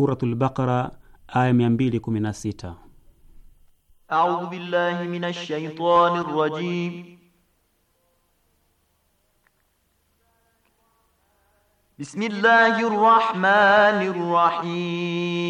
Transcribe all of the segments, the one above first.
Suratul Baqara aya 216. A'udhu billahi minash shaitani rrajim. Bismillahir rahmanir rahim.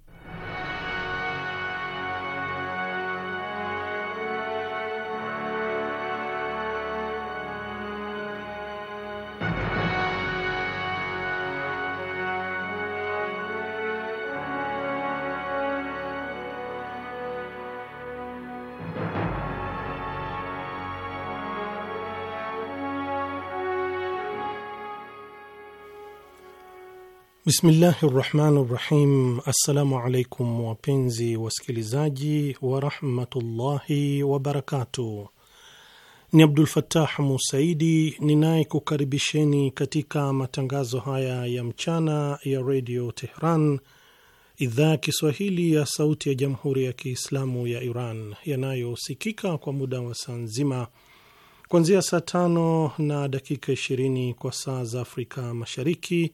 Bismillahi rahmani rahim. Assalamu alaikum wapenzi wasikilizaji warahmatullahi wabarakatuh. Ni Abdul Fattah Musaidi ninayekukaribisheni katika matangazo haya ya mchana ya redio Tehran, idhaa ya Kiswahili ya sauti ya jamhuri ya Kiislamu ya Iran, yanayosikika kwa muda wa saa nzima kuanzia saa tano na dakika 20 kwa saa za Afrika Mashariki,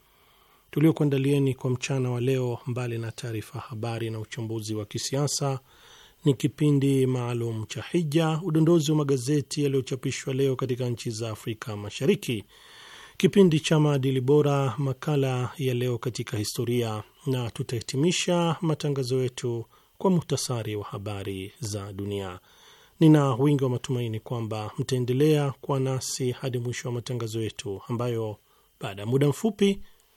tuliokuandalieni kwa mchana wa leo, mbali na taarifa habari na uchambuzi wa kisiasa, ni kipindi maalum cha hija, udondozi wa magazeti yaliyochapishwa leo katika nchi za Afrika Mashariki, kipindi cha maadili bora, makala ya leo katika historia, na tutahitimisha matangazo yetu kwa muhtasari wa habari za dunia. Nina wingi wa matumaini kwamba mtaendelea kuwa nasi hadi mwisho wa matangazo yetu ambayo baada ya muda mfupi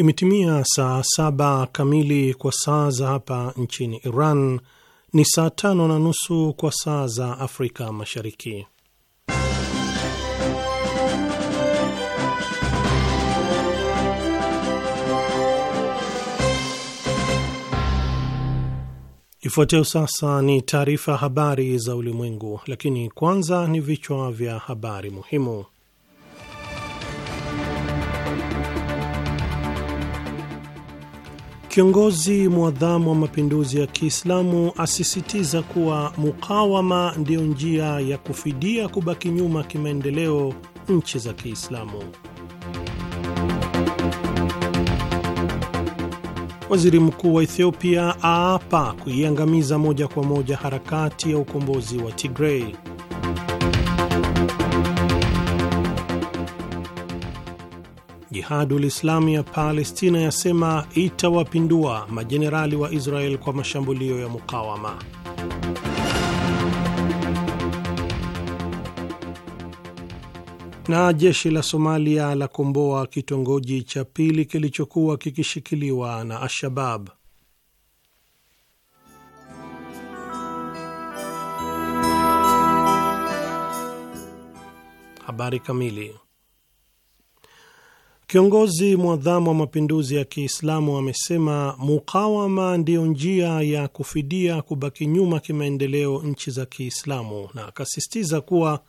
Imetimia saa saba kamili kwa saa za hapa nchini Iran, ni saa tano na nusu kwa saa za Afrika Mashariki. Ifuatayo sasa ni taarifa habari za ulimwengu, lakini kwanza ni vichwa vya habari muhimu. Kiongozi mwadhamu wa mapinduzi ya Kiislamu asisitiza kuwa mukawama ndiyo njia ya kufidia kubaki nyuma kimaendeleo nchi za Kiislamu. Waziri mkuu wa Ethiopia aapa kuiangamiza moja kwa moja harakati ya ukombozi wa Tigrei. Jihadul Islami ya Palestina yasema itawapindua majenerali wa Israel kwa mashambulio ya mukawama. Na jeshi la Somalia la komboa kitongoji cha pili kilichokuwa kikishikiliwa na Al-Shabab. Habari kamili Kiongozi mwadhamu wa mapinduzi ya Kiislamu amesema mukawama ndiyo njia ya kufidia kubaki nyuma kimaendeleo nchi za Kiislamu, na akasisitiza kuwa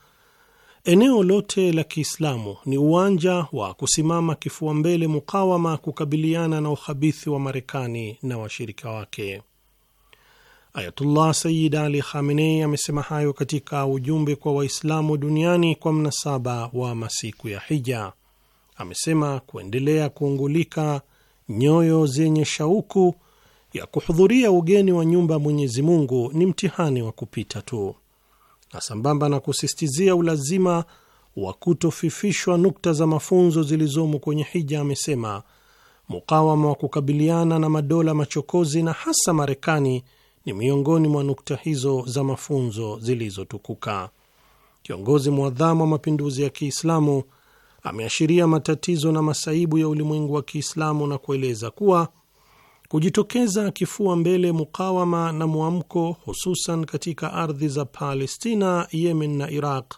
eneo lote la Kiislamu ni uwanja wa kusimama kifua mbele mukawama kukabiliana na uhabithi wa Marekani na washirika wake. Ayatullah Sayyid Ali Khamenei amesema hayo katika ujumbe kwa Waislamu duniani kwa mnasaba wa masiku ya Hija amesema kuendelea kuungulika nyoyo zenye shauku ya kuhudhuria ugeni wa nyumba ya Mwenyezi Mungu ni mtihani wa kupita tu, na sambamba na kusisitizia ulazima wa kutofifishwa nukta za mafunzo zilizomo kwenye hija, amesema mukawama wa kukabiliana na madola machokozi na hasa Marekani ni miongoni mwa nukta hizo za mafunzo zilizotukuka. Kiongozi mwadhamu wa mapinduzi ya Kiislamu ameashiria matatizo na masaibu ya ulimwengu wa Kiislamu na kueleza kuwa kujitokeza kifua mbele mukawama na mwamko, hususan katika ardhi za Palestina, Yemen na Iraq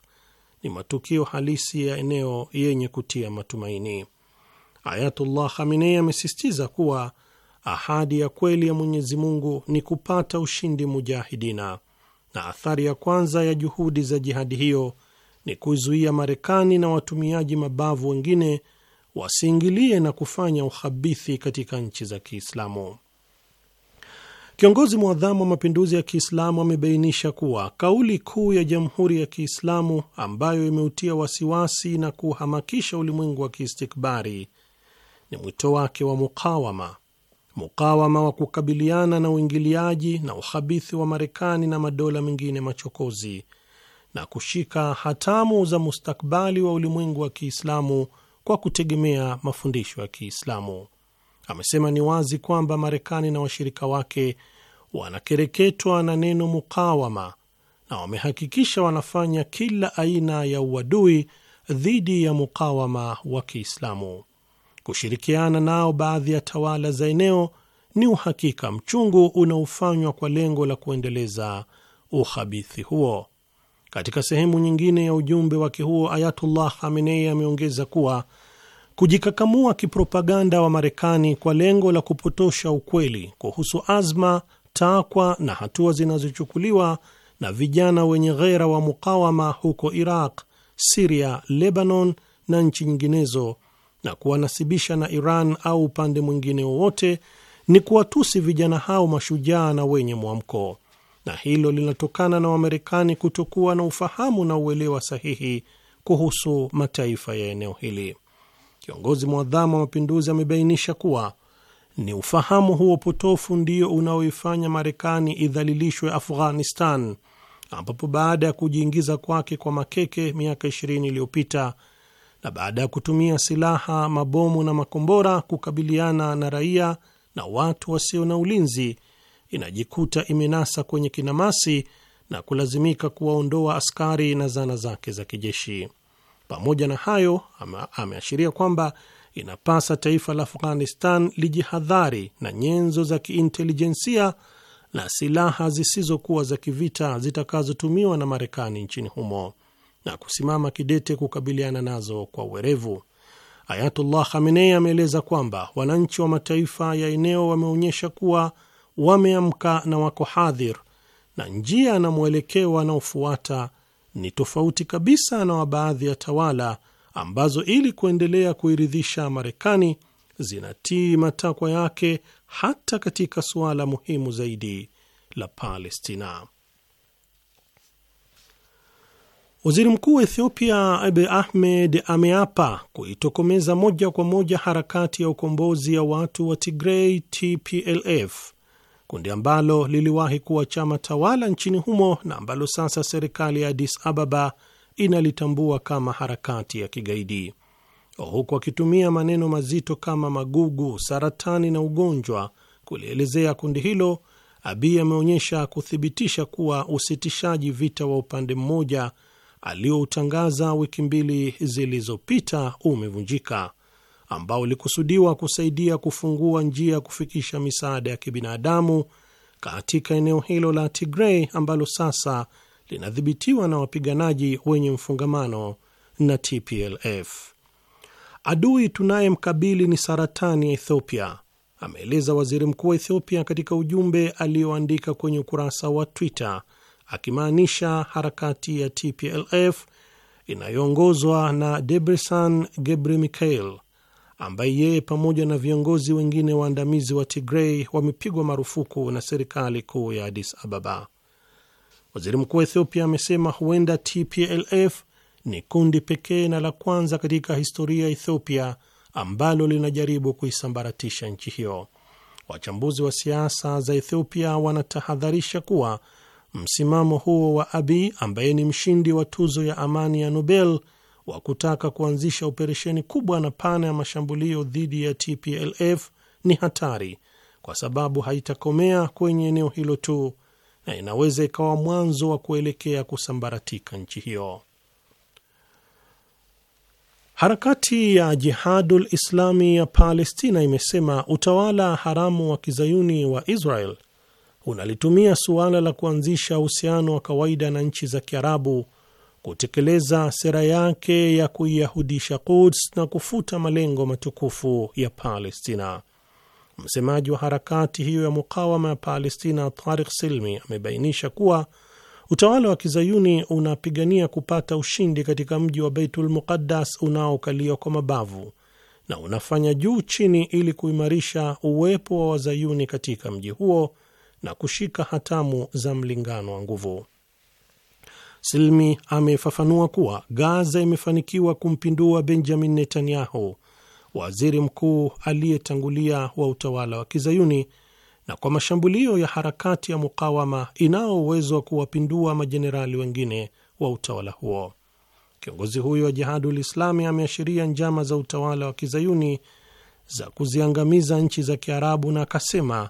ni matukio halisi ya eneo yenye kutia matumaini. Ayatullah Khamenei amesisitiza kuwa ahadi ya kweli ya Mwenyezi Mungu ni kupata ushindi mujahidina, na athari ya kwanza ya juhudi za jihadi hiyo ni kuizuia Marekani na watumiaji mabavu wengine wasiingilie na kufanya uhabithi katika nchi za Kiislamu. Kiongozi mwadhamu wa mapinduzi ya Kiislamu amebainisha kuwa kauli kuu ya Jamhuri ya Kiislamu ambayo imeutia wasiwasi na kuhamakisha ulimwengu wa kiistikbari ni mwito wake wa mukawama, mukawama wa kukabiliana na uingiliaji na uhabithi wa Marekani na madola mengine machokozi na kushika hatamu za mustakbali wa ulimwengu wa Kiislamu kwa kutegemea mafundisho ya Kiislamu. Amesema ni wazi kwamba Marekani na washirika wake wanakereketwa na neno mukawama na wamehakikisha wanafanya kila aina ya uadui dhidi ya mukawama wa Kiislamu. Kushirikiana nao baadhi ya tawala za eneo ni uhakika mchungu unaofanywa kwa lengo la kuendeleza uhabithi huo. Katika sehemu nyingine ya ujumbe wake huo, Ayatullah Khamenei ameongeza kuwa kujikakamua kipropaganda wa Marekani kwa lengo la kupotosha ukweli kuhusu azma, takwa na hatua zinazochukuliwa na vijana wenye ghera wa mukawama huko Iraq, Siria, Lebanon na nchi nyinginezo na kuwanasibisha na Iran au upande mwingine wowote ni kuwatusi vijana hao mashujaa na wenye mwamko na hilo linatokana na Wamarekani kutokuwa na ufahamu na uelewa sahihi kuhusu mataifa ya eneo hili. Kiongozi mwadhamu wa mapinduzi amebainisha kuwa ni ufahamu huo potofu ndio unaoifanya Marekani idhalilishwe Afghanistan, ambapo baada ya kujiingiza kwake kwa makeke miaka 20 iliyopita na baada ya kutumia silaha, mabomu na makombora kukabiliana na raia na watu wasio na ulinzi inajikuta imenasa kwenye kinamasi na kulazimika kuwaondoa askari na zana zake za kijeshi. Pamoja na hayo, ameashiria kwamba inapasa taifa la Afghanistan lijihadhari na nyenzo za kiintelijensia na silaha zisizokuwa za kivita zitakazotumiwa na Marekani nchini humo na kusimama kidete kukabiliana nazo kwa uwerevu. Ayatullah Khamenei ameeleza kwamba wananchi wa mataifa ya eneo wameonyesha kuwa wameamka na wako hadhir, na njia na mwelekeo wanaofuata ni tofauti kabisa na wa baadhi ya tawala ambazo ili kuendelea kuiridhisha Marekani zinatii matakwa yake hata katika suala muhimu zaidi la Palestina. Waziri Mkuu wa Ethiopia Abiy Ahmed ameapa kuitokomeza moja kwa moja harakati ya ukombozi ya watu wa Tigrei TPLF kundi ambalo liliwahi kuwa chama tawala nchini humo na ambalo sasa serikali ya Addis Ababa inalitambua kama harakati ya kigaidi, huku akitumia maneno mazito kama magugu, saratani na ugonjwa kulielezea kundi hilo. Abiy ameonyesha kuthibitisha kuwa usitishaji vita wa upande mmoja aliyoutangaza wiki mbili zilizopita umevunjika ambao ulikusudiwa kusaidia kufungua njia ya kufikisha misaada ya kibinadamu katika eneo hilo la Tigray ambalo sasa linadhibitiwa na wapiganaji wenye mfungamano na TPLF. Adui tunayemkabili ni saratani ya Ethiopia, ameeleza waziri mkuu wa Ethiopia katika ujumbe aliyoandika kwenye ukurasa wa Twitter, akimaanisha harakati ya TPLF inayoongozwa na Debretsion Gebremichael ambaye yeye pamoja na viongozi wengine waandamizi wa Tigrei wamepigwa marufuku na serikali kuu ya Addis Ababa. Waziri mkuu wa Ethiopia amesema huenda TPLF ni kundi pekee na la kwanza katika historia ya Ethiopia ambalo linajaribu kuisambaratisha nchi hiyo. Wachambuzi wa siasa za Ethiopia wanatahadharisha kuwa msimamo huo wa Abiy ambaye ni mshindi wa tuzo ya amani ya Nobel wa kutaka kuanzisha operesheni kubwa na pana ya mashambulio dhidi ya TPLF ni hatari kwa sababu haitakomea kwenye eneo hilo tu na inaweza ikawa mwanzo wa kuelekea kusambaratika nchi hiyo. Harakati ya Jihadul Islami ya Palestina imesema utawala haramu wa kizayuni wa Israel unalitumia suala la kuanzisha uhusiano wa kawaida na nchi za Kiarabu kutekeleza sera yake ya kuiyahudisha Quds na kufuta malengo matukufu ya Palestina. Msemaji wa harakati hiyo ya mukawama ya Palestina, Tariq Silmi, amebainisha kuwa utawala wa kizayuni unapigania kupata ushindi katika mji wa Beitul Muqaddas unaokaliwa kwa mabavu na unafanya juu chini ili kuimarisha uwepo wa wazayuni katika mji huo na kushika hatamu za mlingano wa nguvu. Silmi amefafanua kuwa Gaza imefanikiwa kumpindua Benjamin Netanyahu, waziri mkuu aliyetangulia wa utawala wa Kizayuni, na kwa mashambulio ya harakati ya mukawama inao uwezo wa kuwapindua majenerali wengine wa utawala huo. Kiongozi huyo wa Jihadul Islami ameashiria njama za utawala wa Kizayuni za kuziangamiza nchi za Kiarabu na akasema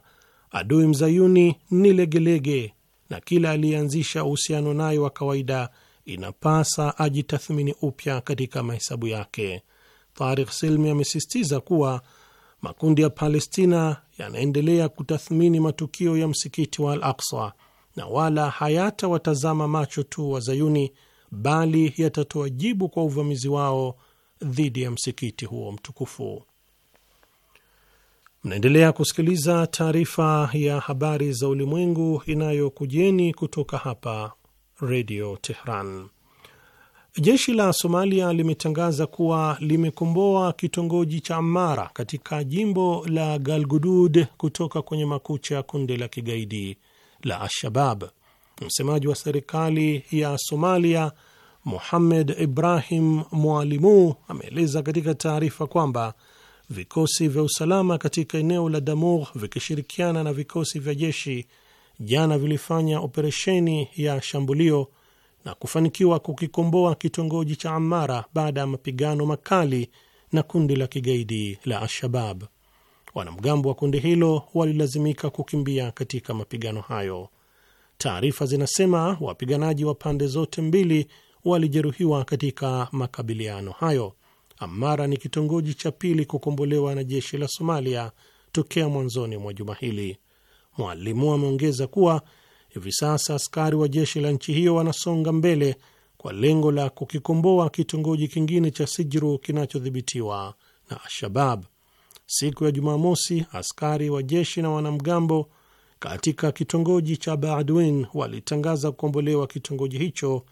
adui mzayuni ni legelege na kila aliyeanzisha uhusiano naye wa kawaida inapasa ajitathmini upya katika mahesabu yake. Tariq Silmi amesisitiza kuwa makundi ya Palestina yanaendelea kutathmini matukio ya msikiti wa Al Aksa na wala hayatawatazama macho tu Wazayuni, bali yatatoa jibu kwa uvamizi wao dhidi ya msikiti huo mtukufu. Mnaendelea kusikiliza taarifa ya habari za ulimwengu inayokujeni kutoka hapa Redio Tehran. Jeshi la Somalia limetangaza kuwa limekomboa kitongoji cha Amara katika jimbo la Galgudud kutoka kwenye makucha ya kundi la kigaidi la Al-Shabab. Msemaji wa serikali ya Somalia Muhammed Ibrahim Mwalimu ameeleza katika taarifa kwamba vikosi vya usalama katika eneo la Damur vikishirikiana na vikosi vya jeshi jana vilifanya operesheni ya shambulio na kufanikiwa kukikomboa kitongoji cha Amara baada ya mapigano makali na kundi la kigaidi la Al-Shabab. Wanamgambo wa kundi hilo walilazimika kukimbia katika mapigano hayo. Taarifa zinasema wapiganaji wa pande zote mbili walijeruhiwa katika makabiliano hayo. Amara ni kitongoji cha pili kukombolewa na jeshi la Somalia tokea mwanzoni mwa juma hili. Mwalimu ameongeza kuwa hivi sasa askari wa jeshi la nchi hiyo wanasonga mbele kwa lengo la kukikomboa kitongoji kingine cha Sijru kinachodhibitiwa na ashabab Siku ya Jumamosi, askari wa jeshi na wanamgambo katika kitongoji cha badwin walitangaza kukombolewa kitongoji hicho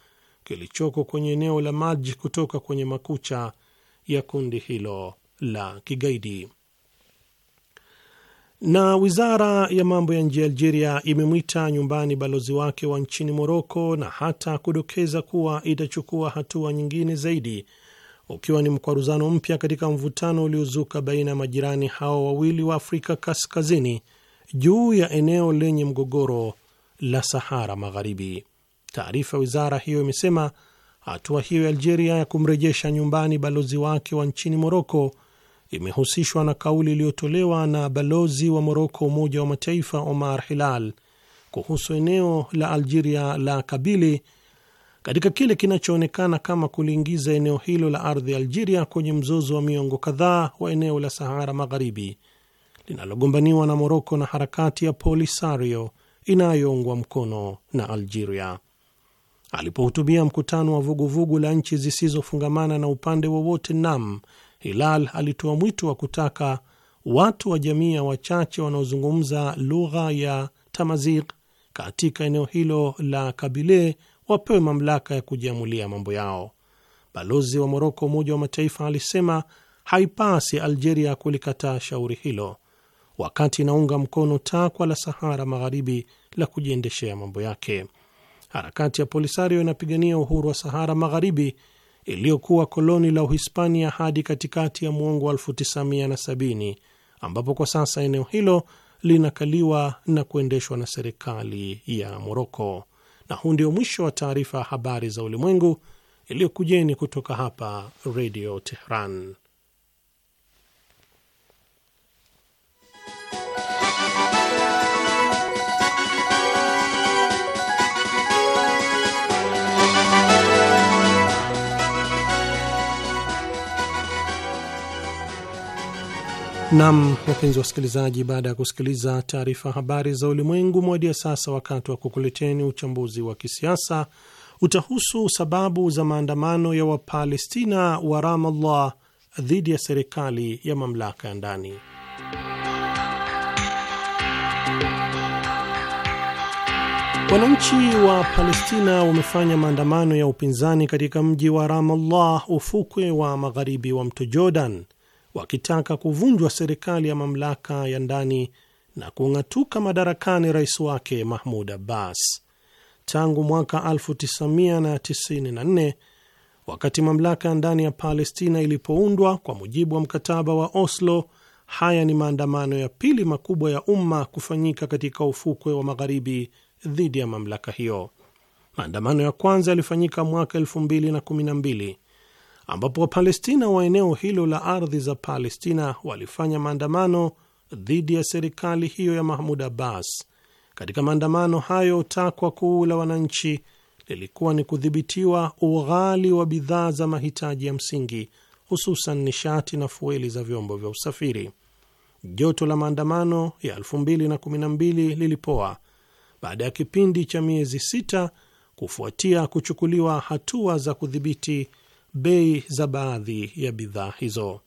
kilichoko kwenye eneo la Maji kutoka kwenye makucha ya kundi hilo la kigaidi. Na wizara ya mambo ya nje ya Algeria imemwita nyumbani balozi wake wa nchini Moroko na hata kudokeza kuwa itachukua hatua nyingine zaidi, ukiwa ni mkwaruzano mpya katika mvutano uliozuka baina ya majirani hao wawili wa Afrika Kaskazini juu ya eneo lenye mgogoro la Sahara Magharibi. Taarifa ya wizara hiyo imesema Hatua hiyo ya Algeria ya kumrejesha nyumbani balozi wake wa nchini Moroko imehusishwa na kauli iliyotolewa na balozi wa Moroko Umoja wa Mataifa Omar Hilal kuhusu eneo la Algeria la Kabili katika kile kinachoonekana kama kuliingiza eneo hilo la ardhi ya Algeria kwenye mzozo wa miongo kadhaa wa eneo la Sahara Magharibi linalogombaniwa na Moroko na harakati ya Polisario inayoungwa mkono na Algeria. Alipohutubia mkutano wa vuguvugu vugu la nchi zisizofungamana na upande wowote NAM, Hilal alitoa mwito wa kutaka watu wa jamii ya wachache wanaozungumza lugha ya Tamazigh katika eneo hilo la Kabile wapewe mamlaka ya kujiamulia mambo yao. Balozi wa Moroko Umoja wa Mataifa alisema haipasi Algeria kulikataa shauri hilo wakati inaunga mkono takwa la Sahara Magharibi la kujiendeshea mambo yake harakati ya Polisario inapigania uhuru wa Sahara Magharibi iliyokuwa koloni la Uhispania hadi katikati ya mwongo wa 1970 ambapo kwa sasa eneo hilo linakaliwa na kuendeshwa na serikali ya Moroko. Na huu ndio mwisho wa taarifa ya habari za ulimwengu iliyokujeni kutoka hapa Redio Tehran. Nam, wapenzi wa wasikilizaji, baada ya kusikiliza taarifa habari za ulimwengu modi ya sasa, wakati wa kukuleteni uchambuzi wa kisiasa utahusu sababu za maandamano ya Wapalestina wa Ramallah dhidi ya serikali ya mamlaka ya ndani. Wananchi wa Palestina wamefanya maandamano ya upinzani katika mji wa Ramallah, ufukwe wa magharibi wa mto Jordan wakitaka kuvunjwa serikali ya mamlaka ya ndani na kung'atuka madarakani rais wake Mahmud Abbas. Tangu mwaka 1994 wakati mamlaka ya ndani ya Palestina ilipoundwa kwa mujibu wa mkataba wa Oslo, haya ni maandamano ya pili makubwa ya umma kufanyika katika ufukwe wa magharibi dhidi ya mamlaka hiyo. Maandamano ya kwanza yalifanyika mwaka 2012 ambapo Wapalestina wa eneo hilo la ardhi za Palestina walifanya maandamano dhidi ya serikali hiyo ya Mahmud Abbas. Katika maandamano hayo, takwa kuu la wananchi lilikuwa ni kudhibitiwa ughali wa bidhaa za mahitaji ya msingi, hususan nishati na fueli za vyombo vya usafiri. Joto la maandamano ya 2012 lilipoa baada ya kipindi cha miezi sita kufuatia kuchukuliwa hatua za kudhibiti bei za baadhi ya bidhaa hizo.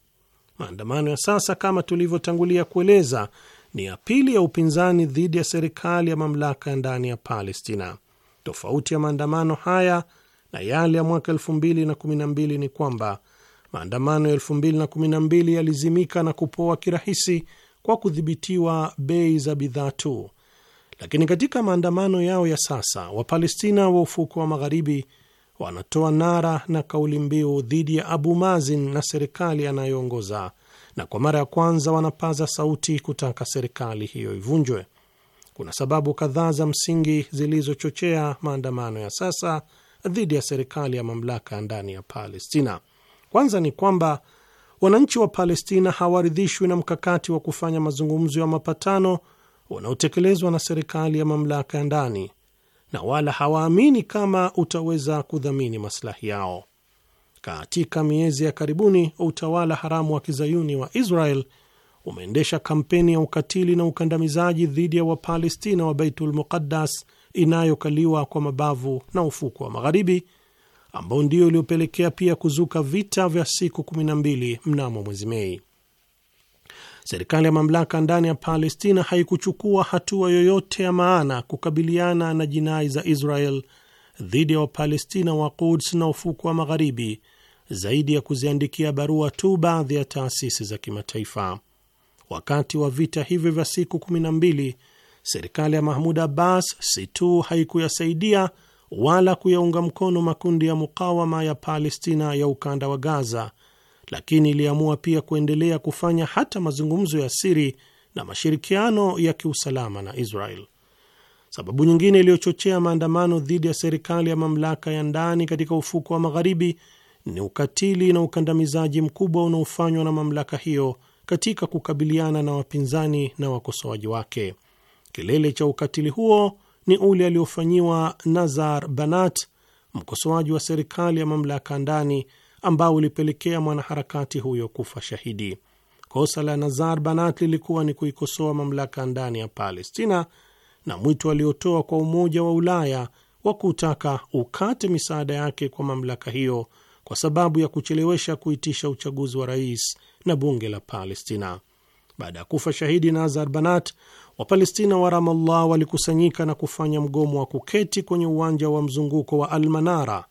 Maandamano ya sasa, kama tulivyotangulia kueleza, ni ya pili ya upinzani dhidi ya serikali ya mamlaka ya ndani ya Palestina. Tofauti ya maandamano haya na yale ya mwaka 2012 ni kwamba maandamano ya 2012 yalizimika na kupoa kirahisi kwa kudhibitiwa bei za bidhaa tu, lakini katika maandamano yao ya sasa Wapalestina wa ufuko wa Magharibi wanatoa nara na kauli mbiu dhidi ya Abu Mazin na serikali anayoongoza na kwa mara ya kwanza wanapaza sauti kutaka serikali hiyo ivunjwe. Kuna sababu kadhaa za msingi zilizochochea maandamano ya sasa dhidi ya serikali ya mamlaka ya ndani ya Palestina. Kwanza ni kwamba wananchi wa Palestina hawaridhishwi na mkakati wa kufanya mazungumzo ya mapatano unaotekelezwa na serikali ya mamlaka ya ndani na wala hawaamini kama utaweza kudhamini maslahi yao. Katika miezi ya karibuni, utawala haramu wa kizayuni wa Israel umeendesha kampeni ya ukatili na ukandamizaji dhidi ya Wapalestina wa Baitul Muqaddas inayokaliwa kwa mabavu na ufuko wa Magharibi, ambao ndio uliopelekea pia kuzuka vita vya siku 12 mnamo mwezi Mei serikali ya mamlaka ndani ya Palestina haikuchukua hatua yoyote ya maana kukabiliana na jinai za Israel dhidi ya Wapalestina wa Quds na ufuko wa Magharibi, zaidi ya kuziandikia barua tu baadhi ya taasisi za kimataifa. Wakati wa vita hivyo vya siku 12 serikali ya Mahmud Abbas si tu haikuyasaidia wala kuyaunga mkono makundi ya mukawama ya Palestina ya ukanda wa Gaza lakini iliamua pia kuendelea kufanya hata mazungumzo ya siri na mashirikiano ya kiusalama na Israel. Sababu nyingine iliyochochea maandamano dhidi ya serikali ya mamlaka ya ndani katika ufuko wa magharibi ni ukatili na ukandamizaji mkubwa unaofanywa na mamlaka hiyo katika kukabiliana na wapinzani na wakosoaji wake. Kilele cha ukatili huo ni ule aliofanyiwa Nazar Banat, mkosoaji wa serikali ya mamlaka ndani ambao ulipelekea mwanaharakati huyo kufa shahidi. Kosa la Nazar Banat lilikuwa ni kuikosoa mamlaka ndani ya Palestina na mwito aliotoa kwa Umoja wa Ulaya wa kutaka ukate misaada yake kwa mamlaka hiyo kwa sababu ya kuchelewesha kuitisha uchaguzi wa rais na bunge la Palestina. Baada ya kufa shahidi Nazar Banat, Wapalestina wa Ramallah walikusanyika na kufanya mgomo wa kuketi kwenye uwanja wa mzunguko wa Almanara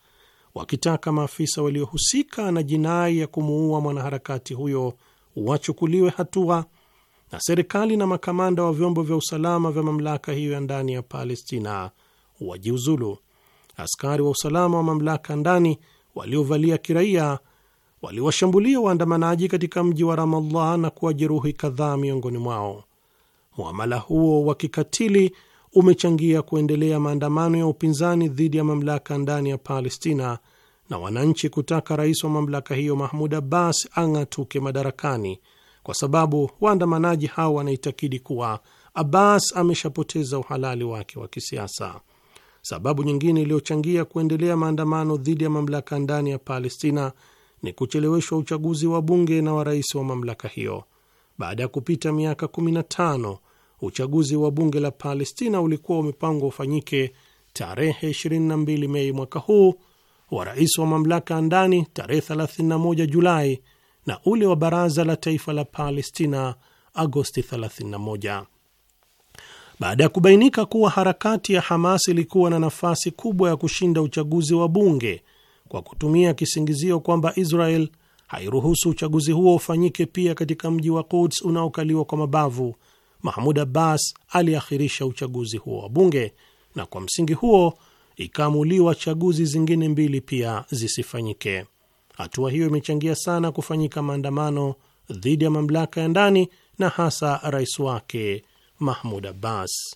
wakitaka maafisa waliohusika na jinai ya kumuua mwanaharakati huyo wachukuliwe hatua na serikali na makamanda wa vyombo vya usalama vya mamlaka hiyo ya ndani ya Palestina wajiuzulu. Askari wa usalama wa mamlaka ndani waliovalia kiraia waliwashambulia waandamanaji katika mji wa Ramallah na kuwajeruhi kadhaa miongoni mwao. Muamala huo wa kikatili umechangia kuendelea maandamano ya upinzani dhidi ya mamlaka ndani ya Palestina na wananchi kutaka rais wa mamlaka hiyo Mahmud Abbas ang'atuke madarakani, kwa sababu waandamanaji hao wanaitakidi kuwa Abbas ameshapoteza uhalali wake wa kisiasa. Sababu nyingine iliyochangia kuendelea maandamano dhidi ya mamlaka ndani ya Palestina ni kucheleweshwa uchaguzi wa bunge na wa rais wa mamlaka hiyo baada ya kupita miaka 15 uchaguzi wa bunge la Palestina ulikuwa umepangwa ufanyike tarehe 22 Mei mwaka huu, wa rais wa mamlaka ya ndani tarehe 31 Julai na ule wa baraza la taifa la Palestina Agosti 31. Baada ya kubainika kuwa harakati ya Hamas ilikuwa na nafasi kubwa ya kushinda uchaguzi wa bunge kwa kutumia kisingizio kwamba Israel hairuhusu uchaguzi huo ufanyike pia katika mji wa Quds unaokaliwa kwa mabavu, Mahmud Abbas aliakhirisha uchaguzi huo wa bunge, na kwa msingi huo ikaamuliwa chaguzi zingine mbili pia zisifanyike. Hatua hiyo imechangia sana kufanyika maandamano dhidi ya mamlaka ya ndani na hasa rais wake Mahmud Abbas.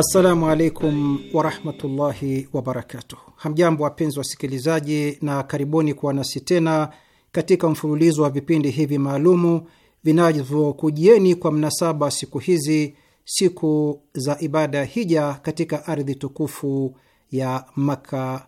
Assalamu alaikum warahmatullahi wabarakatuh. Hamjambo wapenzi wasikilizaji, na karibuni kuwa nasi tena katika mfululizo wa vipindi hivi maalumu vinavyokujieni kwa mnasaba siku hizi, siku za ibada ya hija katika ardhi tukufu ya Makka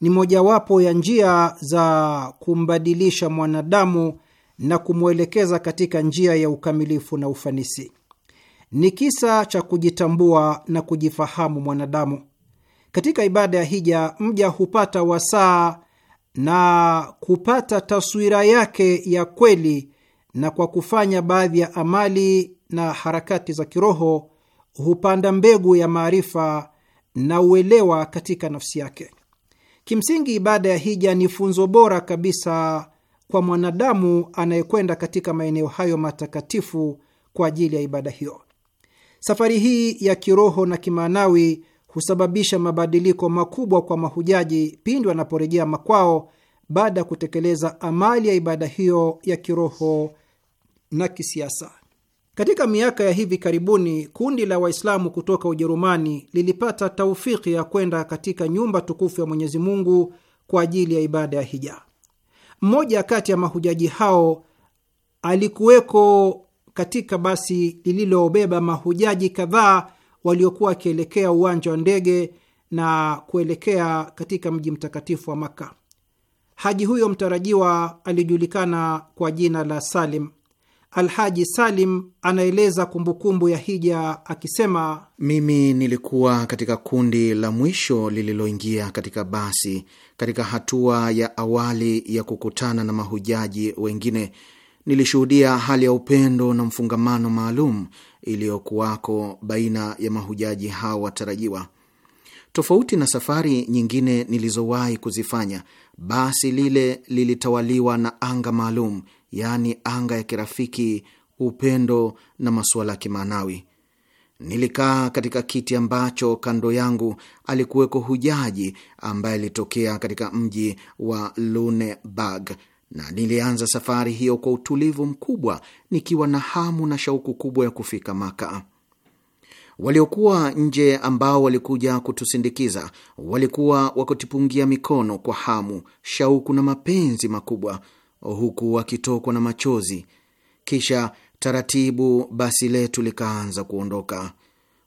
ni mojawapo ya njia za kumbadilisha mwanadamu na kumwelekeza katika njia ya ukamilifu na ufanisi. Ni kisa cha kujitambua na kujifahamu mwanadamu. Katika ibada ya hija, mja hupata wasaa na kupata taswira yake ya kweli, na kwa kufanya baadhi ya amali na harakati za kiroho hupanda mbegu ya maarifa na uelewa katika nafsi yake. Kimsingi, ibada ya hija ni funzo bora kabisa kwa mwanadamu anayekwenda katika maeneo hayo matakatifu kwa ajili ya ibada hiyo. Safari hii ya kiroho na kimaanawi husababisha mabadiliko makubwa kwa mahujaji pindi wanaporejea makwao baada ya kutekeleza amali ya ibada hiyo ya kiroho na kisiasa. Katika miaka ya hivi karibuni kundi la Waislamu kutoka Ujerumani lilipata taufiki ya kwenda katika nyumba tukufu ya Mwenyezi Mungu kwa ajili ya ibada ya hija. Mmoja kati ya mahujaji hao alikuweko katika basi lililobeba mahujaji kadhaa waliokuwa wakielekea uwanja wa ndege na kuelekea katika mji mtakatifu wa Makka. Haji huyo mtarajiwa alijulikana kwa jina la Salim. Alhaji Salim anaeleza kumbukumbu ya hija akisema, mimi nilikuwa katika kundi la mwisho lililoingia katika basi katika hatua ya awali ya kukutana na mahujaji wengine. Nilishuhudia hali ya upendo na mfungamano maalum iliyokuwako baina ya mahujaji hao watarajiwa. Tofauti na safari nyingine nilizowahi kuzifanya, basi lile lilitawaliwa na anga maalum yaani anga ya kirafiki, upendo na masuala ya kimaanawi. Nilikaa katika kiti ambacho kando yangu alikuweko hujaji ambaye alitokea katika mji wa Luneburg, na nilianza safari hiyo kwa utulivu mkubwa, nikiwa na hamu na shauku kubwa ya kufika Maka. Waliokuwa nje ambao walikuja kutusindikiza walikuwa wakutipungia mikono kwa hamu, shauku na mapenzi makubwa huku wakitokwa na machozi. Kisha taratibu basi letu likaanza kuondoka.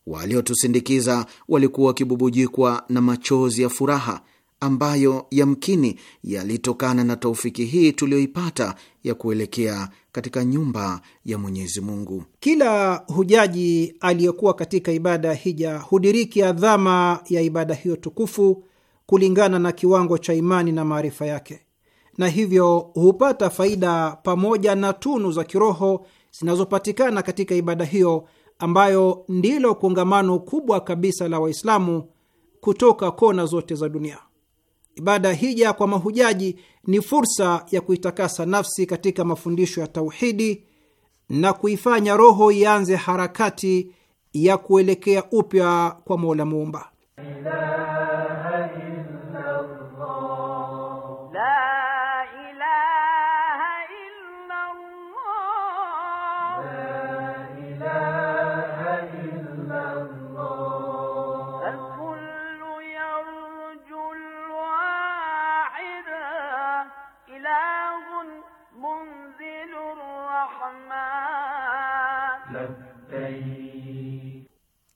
Waliotusindikiza walikuwa wakibubujikwa na machozi ya furaha ambayo yamkini yalitokana na taufiki hii tuliyoipata ya kuelekea katika nyumba ya Mwenyezi Mungu. Kila hujaji aliyekuwa katika ibada ya hija hudiriki adhama ya ibada hiyo tukufu kulingana na kiwango cha imani na maarifa yake na hivyo hupata faida pamoja na tunu za kiroho zinazopatikana katika ibada hiyo ambayo ndilo kongamano kubwa kabisa la Waislamu kutoka kona zote za dunia. Ibada hija kwa mahujaji ni fursa ya kuitakasa nafsi katika mafundisho ya tauhidi na kuifanya roho ianze harakati ya kuelekea upya kwa Mola Muumba.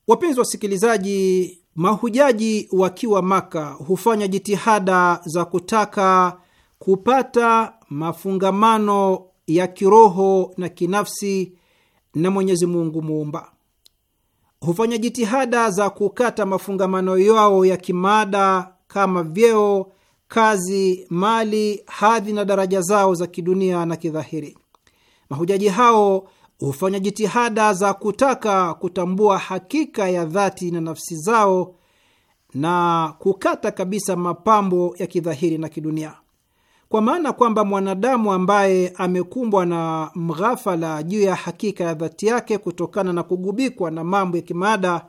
Wapenzi wasikilizaji, mahujaji wakiwa Maka hufanya jitihada za kutaka kupata mafungamano ya kiroho na kinafsi na Mwenyezi Mungu Muumba. Hufanya jitihada za kukata mafungamano yao ya kimaada kama vyeo, kazi, mali, hadhi na daraja zao za kidunia na kidhahiri. Mahujaji hao hufanya jitihada za kutaka kutambua hakika ya dhati na nafsi zao na kukata kabisa mapambo ya kidhahiri na kidunia, kwa maana kwamba mwanadamu ambaye amekumbwa na mghafala juu ya hakika ya dhati yake kutokana na kugubikwa na mambo ya kimaada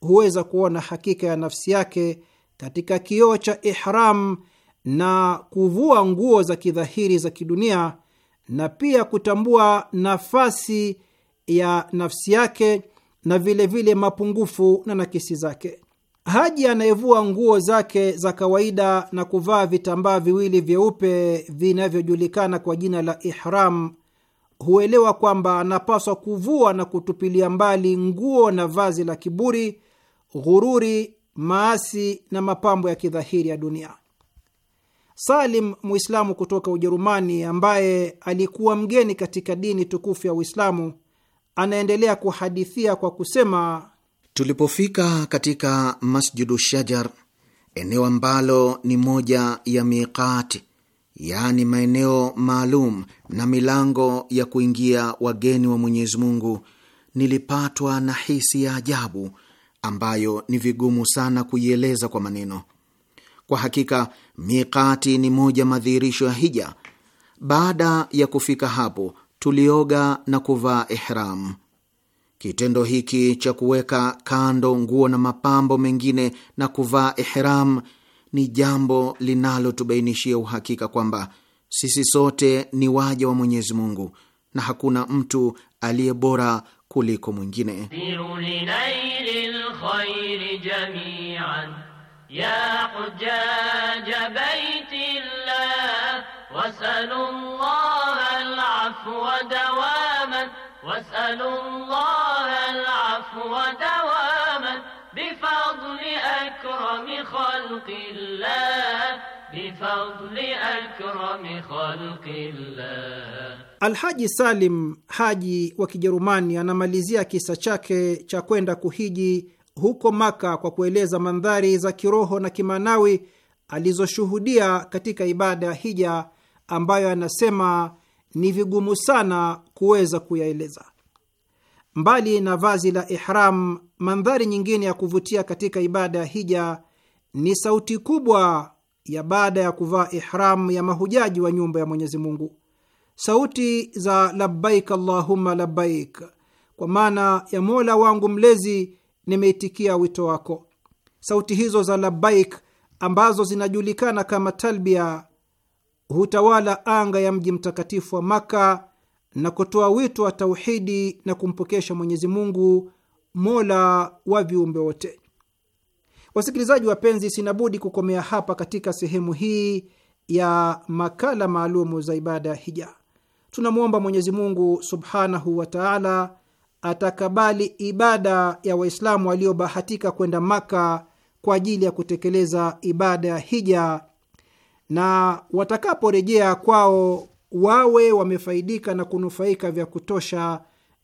huweza kuona hakika ya nafsi yake katika kioo cha ihram na kuvua nguo za kidhahiri za kidunia na pia kutambua nafasi ya nafsi yake na vilevile vile mapungufu na nakisi zake. Haji anayevua nguo zake za kawaida na kuvaa vitambaa viwili vyeupe vinavyojulikana kwa jina la ihram huelewa kwamba anapaswa kuvua na kutupilia mbali nguo na vazi la kiburi, ghururi, maasi na mapambo ya kidhahiri ya dunia. Salim, Muislamu kutoka Ujerumani ambaye alikuwa mgeni katika dini tukufu ya Uislamu, anaendelea kuhadithia kwa kusema, tulipofika katika Masjidu Shajar, eneo ambalo ni moja ya miqati, yaani maeneo maalum na milango ya kuingia wageni wa Mwenyezi Mungu, nilipatwa na hisi ya ajabu ambayo ni vigumu sana kuieleza kwa maneno. Kwa hakika miqati ni moja madhihirisho ya hija. Baada ya kufika hapo, tulioga na kuvaa ihram. Kitendo hiki cha kuweka kando nguo na mapambo mengine na kuvaa ihram ni jambo linalotubainishia uhakika kwamba sisi sote ni waja wa Mwenyezi Mungu na hakuna mtu aliye bora kuliko mwingine ya hujaja baitillah dawaman bifadli akrami khalqillah Alhaji Salim Haji wa Kijerumani anamalizia kisa chake cha kwenda kuhiji huko Maka kwa kueleza mandhari za kiroho na kimaanawi alizoshuhudia katika ibada ya hija ambayo anasema ni vigumu sana kuweza kuyaeleza. Mbali na vazi la ihram, mandhari nyingine ya kuvutia katika ibada ya hija ni sauti kubwa ya baada ya kuvaa ihram ya mahujaji wa nyumba ya Mwenyezi Mungu, sauti za labbaik allahumma labbaik, kwa maana ya mola wangu mlezi nimeitikia wito wako. Sauti hizo za labaik ambazo zinajulikana kama talbia hutawala anga ya mji mtakatifu wa Maka na kutoa wito wa tauhidi na kumpokesha Mwenyezi Mungu, mola wa viumbe wote. Wasikilizaji wapenzi, sinabudi kukomea hapa katika sehemu hii ya makala maalumu za ibada ya hija. Tunamwomba Mwenyezi Mungu subhanahu wa taala atakabali ibada ya Waislamu waliobahatika kwenda Maka kwa ajili ya kutekeleza ibada ya hija, na watakaporejea kwao wawe wamefaidika na kunufaika vya kutosha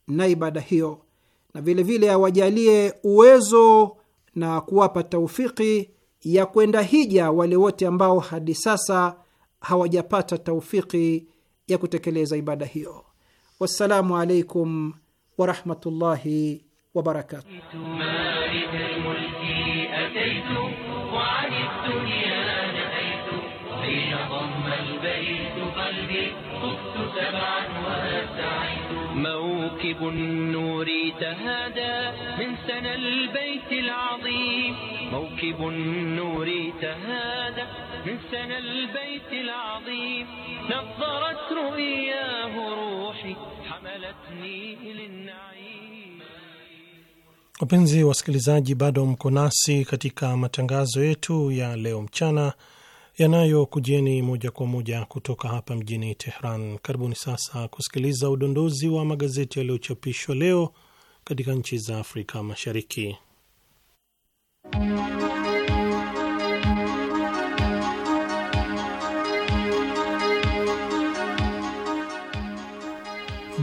na ibada hiyo, na vilevile awajalie uwezo na kuwapa taufiki ya kwenda hija wale wote ambao hadi sasa hawajapata taufiki ya kutekeleza ibada hiyo. Wassalamu alaikum ورحمة الله وبركاته قلبي سبعا موكب النور تهادى من سنى البيت العظيم موكب النور تهادى من سنى البيت العظيم نظرت رؤياه روحي حملتني للنعيم Wapenzi wasikilizaji, bado mko nasi katika matangazo yetu ya leo mchana yanayokujeni moja kwa moja kutoka hapa mjini Tehran. Karibuni sasa kusikiliza udondozi wa magazeti yaliyochapishwa leo katika nchi za Afrika Mashariki.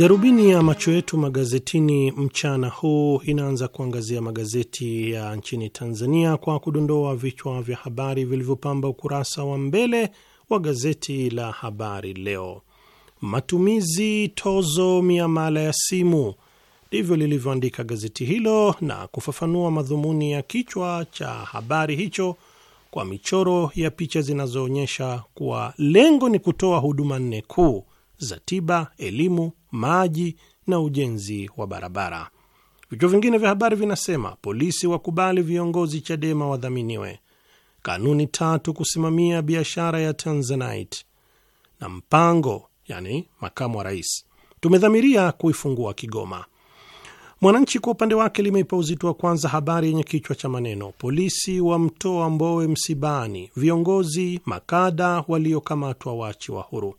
Darubini ya macho yetu magazetini mchana huu inaanza kuangazia magazeti ya nchini Tanzania kwa kudondoa vichwa vya habari vilivyopamba ukurasa wa mbele wa gazeti la Habari Leo. Matumizi tozo miamala ya simu, ndivyo lilivyoandika gazeti hilo na kufafanua madhumuni ya kichwa cha habari hicho kwa michoro ya picha zinazoonyesha kuwa lengo ni kutoa huduma nne kuu za tiba, elimu maji na ujenzi wa barabara. Vichwa vingine vya habari vinasema polisi wakubali viongozi Chadema wadhaminiwe, kanuni tatu kusimamia biashara ya Tanzanite, na Mpango yani makamu wa rais, tumedhamiria kuifungua Kigoma. Mwananchi kwa upande wake limeipa uzito wa kwanza habari yenye kichwa cha maneno polisi wamtoa Mbowe msibani, viongozi makada waliokamatwa waachiwa huru.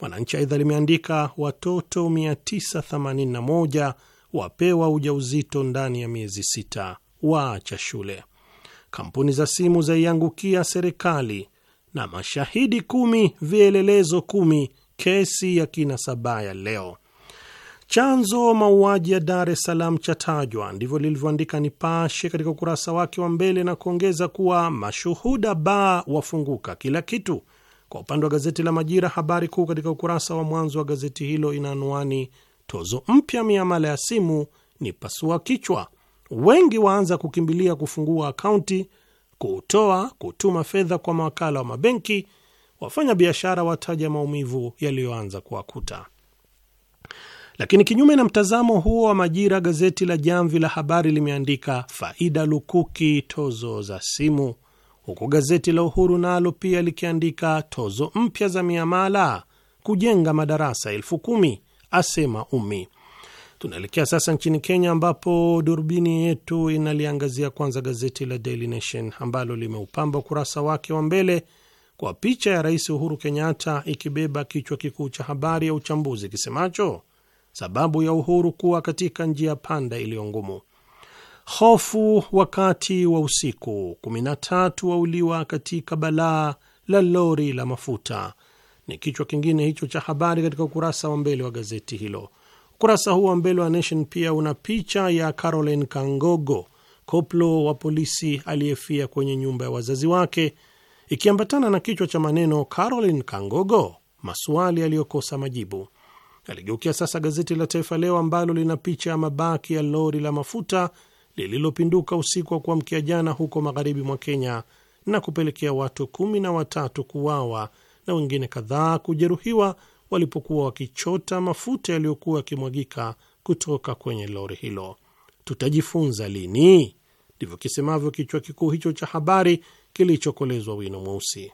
Mwananchi aidha limeandika watoto 981 wapewa ujauzito ndani ya miezi sita, waacha shule. Kampuni za simu zaiangukia serikali, na mashahidi kumi vielelezo kumi kesi ya kina Sabaya leo. Chanzo mauaji ya Dar es Salaam chatajwa, ndivyo lilivyoandika Nipashe katika ukurasa wake wa mbele na kuongeza kuwa mashuhuda ba wafunguka kila kitu kwa upande wa gazeti la Majira, habari kuu katika ukurasa wa mwanzo wa gazeti hilo ina anwani tozo mpya miamala ya simu ni pasua kichwa, wengi waanza kukimbilia kufungua akaunti, kutoa, kutuma fedha kwa mawakala wa mabenki, wafanya biashara wataja maumivu yaliyoanza kuwakuta. Lakini kinyume na mtazamo huo wa Majira, gazeti la Jamvi la Habari limeandika faida lukuki tozo za simu huku gazeti la Uhuru nalo pia likiandika tozo mpya za miamala kujenga madarasa elfu kumi asema Umi. Tunaelekea sasa nchini Kenya, ambapo durubini yetu inaliangazia kwanza gazeti la Daily Nation ambalo limeupamba ukurasa wake wa mbele kwa picha ya Rais Uhuru Kenyatta ikibeba kichwa kikuu cha habari ya uchambuzi kisemacho sababu ya Uhuru kuwa katika njia panda iliyo ngumu hofu wakati wa usiku, 13 wauliwa katika balaa la lori la mafuta, ni kichwa kingine hicho cha habari katika ukurasa wa mbele wa gazeti hilo. Ukurasa huu wa mbele wa Nation pia una picha ya Caroline Kangogo, koplo wa polisi aliyefia kwenye nyumba ya wazazi wake, ikiambatana na kichwa cha maneno Caroline Kangogo, maswali yaliyokosa majibu. Aligeukia sasa gazeti la Taifa Leo ambalo lina picha ya mabaki ya lori la mafuta lililopinduka usiku wa kuamkia jana huko magharibi mwa Kenya na kupelekea watu kumi na watatu kuuawa na wengine kadhaa kujeruhiwa walipokuwa wakichota mafuta yaliyokuwa yakimwagika kutoka kwenye lori hilo. Tutajifunza lini? Ndivyo kisemavyo kichwa kikuu hicho cha habari kilichokolezwa wino mweusi.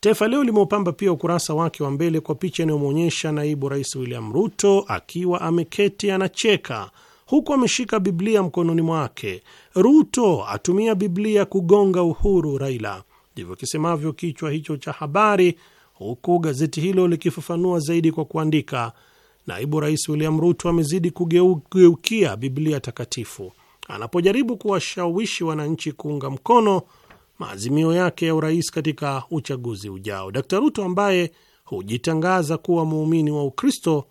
Taifa Leo limeupamba pia ukurasa wake wa mbele kwa picha inayomwonyesha naibu rais William Ruto akiwa ameketi anacheka huku ameshika Biblia mkononi mwake. Ruto atumia Biblia kugonga Uhuru Raila, ndivyo kisemavyo kichwa hicho cha habari, huku gazeti hilo likifafanua zaidi kwa kuandika, naibu rais William Ruto amezidi kugeukia Biblia takatifu anapojaribu kuwashawishi wananchi kuunga mkono maazimio yake ya urais katika uchaguzi ujao. Dkt Ruto ambaye hujitangaza kuwa muumini wa Ukristo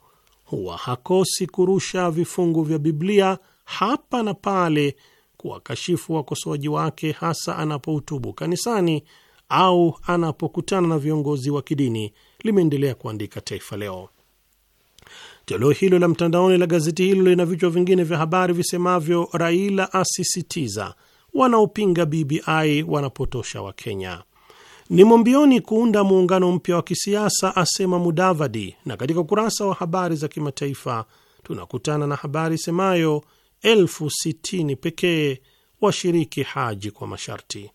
huwa hakosi kurusha vifungu vya Biblia hapa na pale kuwakashifu wakosoaji wake, hasa anapohutubu kanisani au anapokutana na viongozi wa kidini, limeendelea kuandika Taifa Leo. Toleo hilo la mtandaoni la gazeti hilo lina vichwa vingine vya habari visemavyo: Raila asisitiza wanaopinga BBI wanapotosha Wakenya, nimo mbioni kuunda muungano mpya wa kisiasa, asema Mudavadi. Na katika ukurasa wa habari za kimataifa tunakutana na habari semayo elfu sitini pekee washiriki haji kwa masharti.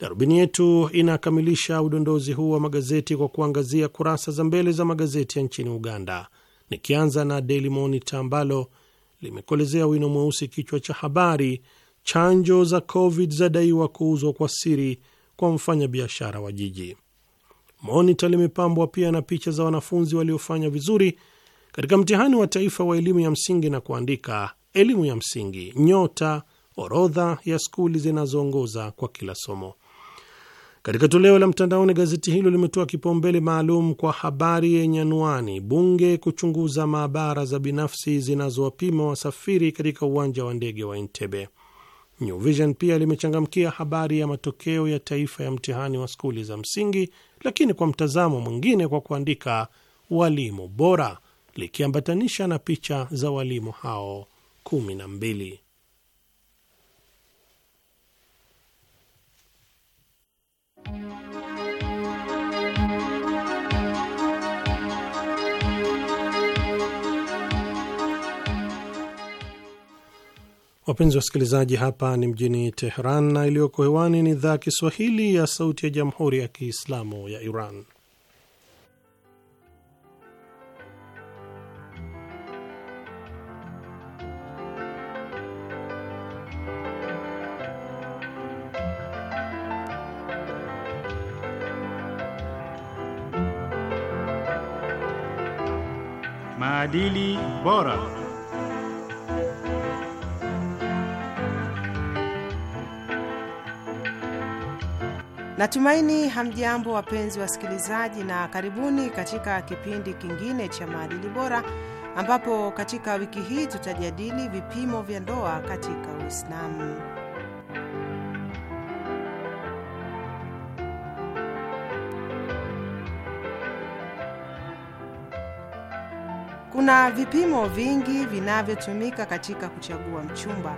Darubini yetu inakamilisha udondozi huu wa magazeti kwa kuangazia kurasa za mbele za magazeti ya nchini Uganda, nikianza na Daily Monitor ambalo limekolezea wino mweusi kichwa cha habari, chanjo za covid zadaiwa kuuzwa kwa siri kwa mfanyabiashara wa jiji. Monita limepambwa pia na picha za wanafunzi waliofanya vizuri katika mtihani wa taifa wa elimu ya msingi na kuandika elimu ya msingi, nyota, orodha ya skuli zinazoongoza kwa kila somo. Katika toleo la mtandaoni, gazeti hilo limetoa kipaumbele maalum kwa habari yenye anwani bunge kuchunguza maabara za binafsi zinazowapima wasafiri katika uwanja wa ndege wa Entebbe. New Vision pia limechangamkia habari ya matokeo ya taifa ya mtihani wa skuli za msingi, lakini kwa mtazamo mwingine, kwa kuandika walimu bora, likiambatanisha na picha za walimu hao kumi na mbili. Wapenzi wa wasikilizaji, hapa ni mjini Teheran na iliyoko hewani ni idhaa ya Kiswahili ya Sauti ya Jamhuri ya Kiislamu ya Iran. Maadili Bora. Natumaini hamjambo wapenzi wasikilizaji, na karibuni katika kipindi kingine cha maadili bora, ambapo katika wiki hii tutajadili vipimo vya ndoa katika Uislamu. Kuna vipimo vingi vinavyotumika katika kuchagua mchumba.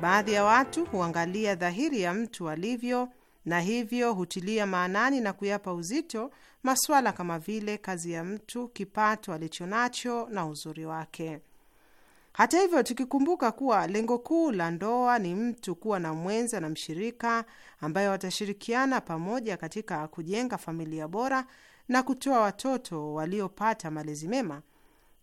Baadhi ya watu huangalia dhahiri ya mtu alivyo na hivyo hutilia maanani na kuyapa uzito masuala kama vile kazi ya mtu, kipato alichonacho na uzuri wake. Hata hivyo, tukikumbuka kuwa lengo kuu la ndoa ni mtu kuwa na mwenza na mshirika ambaye watashirikiana pamoja katika kujenga familia bora na kutoa watoto waliopata malezi mema.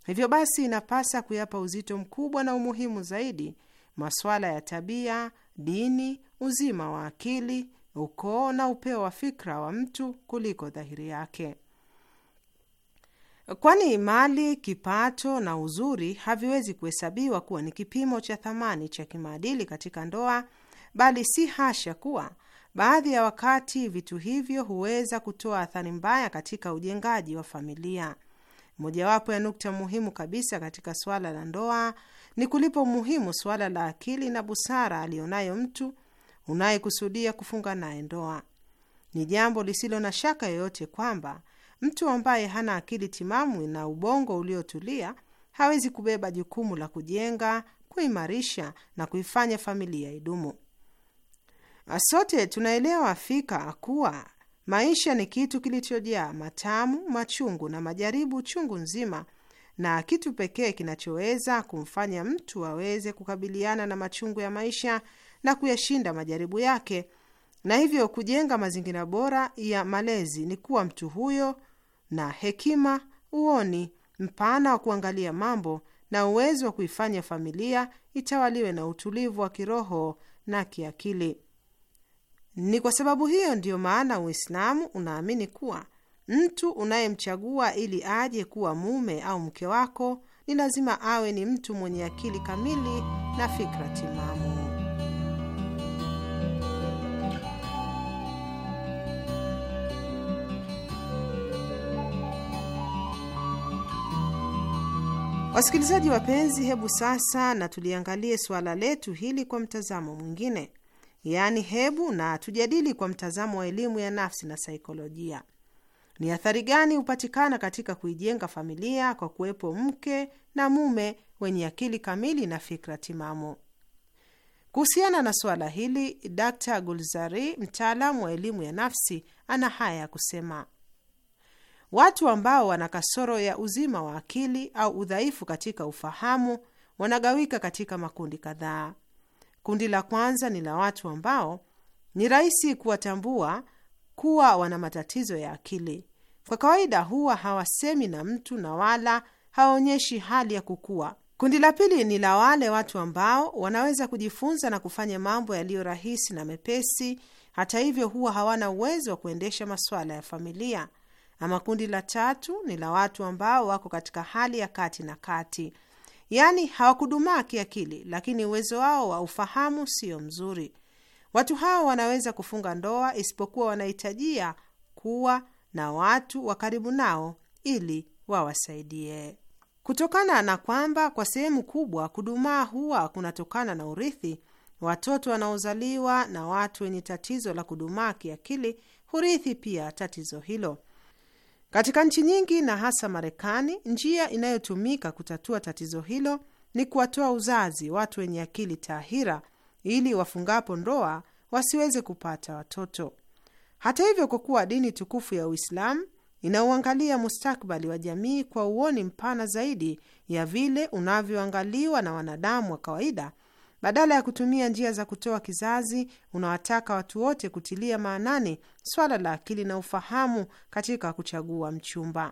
Hivyo basi, inapasa kuyapa uzito mkubwa na umuhimu zaidi masuala ya tabia, dini, uzima wa akili ukoo na upeo wa fikra wa mtu kuliko dhahiri yake, kwani mali, kipato na uzuri haviwezi kuhesabiwa kuwa ni kipimo cha thamani cha kimaadili katika ndoa, bali si hasha kuwa baadhi ya wakati vitu hivyo huweza kutoa athari mbaya katika ujengaji wa familia. Mojawapo ya nukta muhimu kabisa katika suala la ndoa ni kulipa umuhimu suala la akili na busara aliyonayo mtu unayekusudia kufunga naye ndoa. Ni jambo lisilo na shaka yoyote kwamba mtu ambaye hana akili timamu na ubongo uliotulia hawezi kubeba jukumu la kujenga, kuimarisha na kuifanya familia idumu. Sote tunaelewa fika kuwa maisha ni kitu kilichojaa matamu, machungu na majaribu chungu nzima, na kitu pekee kinachoweza kumfanya mtu aweze kukabiliana na machungu ya maisha na kuyashinda majaribu yake, na hivyo kujenga mazingira bora ya malezi ni kuwa mtu huyo na hekima, uoni mpana wa kuangalia mambo na uwezo wa kuifanya familia itawaliwe na utulivu wa kiroho na kiakili. Ni kwa sababu hiyo ndiyo maana Uislamu unaamini kuwa mtu unayemchagua ili aje kuwa mume au mke wako ni lazima awe ni mtu mwenye akili kamili na fikra timamu. Wasikilizaji wapenzi, hebu sasa na tuliangalie suala letu hili kwa mtazamo mwingine, yaani hebu na tujadili kwa mtazamo wa elimu ya nafsi na saikolojia. Ni athari gani hupatikana katika kuijenga familia kwa kuwepo mke na mume wenye akili kamili na fikra timamu? Kuhusiana na suala hili, Dr Gulzari, mtaalamu wa elimu ya nafsi, ana haya ya kusema. Watu ambao wana kasoro ya uzima wa akili au udhaifu katika ufahamu wanagawika katika makundi kadhaa. Kundi la kwanza ni la watu ambao ni rahisi kuwatambua kuwa wana matatizo ya akili. Kwa kawaida huwa hawasemi na mtu na wala hawaonyeshi hali ya kukua. Kundi la pili ni la wale watu ambao wanaweza kujifunza na kufanya mambo yaliyo rahisi na mepesi. Hata hivyo, huwa hawana uwezo wa kuendesha masuala ya familia. Ama kundi la tatu ni la watu ambao wako katika hali ya kati na kati, yaani hawakudumaa kiakili, lakini uwezo wao wa ufahamu sio mzuri. Watu hao wanaweza kufunga ndoa, isipokuwa wanahitajia kuwa na watu wa karibu nao ili wawasaidie. Kutokana na kwamba kwa sehemu kubwa kudumaa huwa kunatokana na urithi, watoto wanaozaliwa na watu wenye tatizo la kudumaa kiakili hurithi pia tatizo hilo. Katika nchi nyingi na hasa Marekani, njia inayotumika kutatua tatizo hilo ni kuwatoa uzazi watu wenye akili taahira ili wafungapo ndoa wasiweze kupata watoto. Hata hivyo, kwa kuwa dini tukufu ya Uislamu inauangalia mustakbali wa jamii kwa uoni mpana zaidi ya vile unavyoangaliwa na wanadamu wa kawaida, badala ya kutumia njia za kutoa kizazi, unawataka watu wote kutilia maanani swala la akili na ufahamu katika kuchagua mchumba.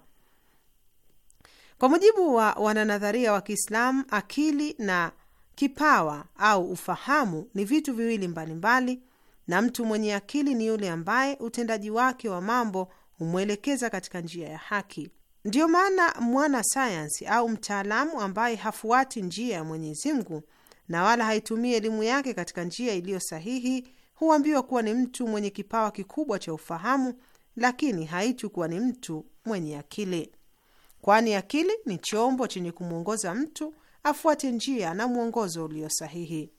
Kwa mujibu wa wananadharia wa Kiislamu, akili na kipawa au ufahamu ni vitu viwili mbalimbali mbali, na mtu mwenye akili ni yule ambaye utendaji wake wa mambo humwelekeza katika njia ya haki. Ndiyo maana mwana sayansi au mtaalamu ambaye hafuati njia ya Mwenyezi Mungu na wala haitumii elimu yake katika njia iliyo sahihi, huambiwa kuwa ni mtu mwenye kipawa kikubwa cha ufahamu, lakini haitu kuwa ni mtu mwenye akili, kwani akili ni chombo chenye kumwongoza mtu afuate njia na mwongozo ulio sahihi.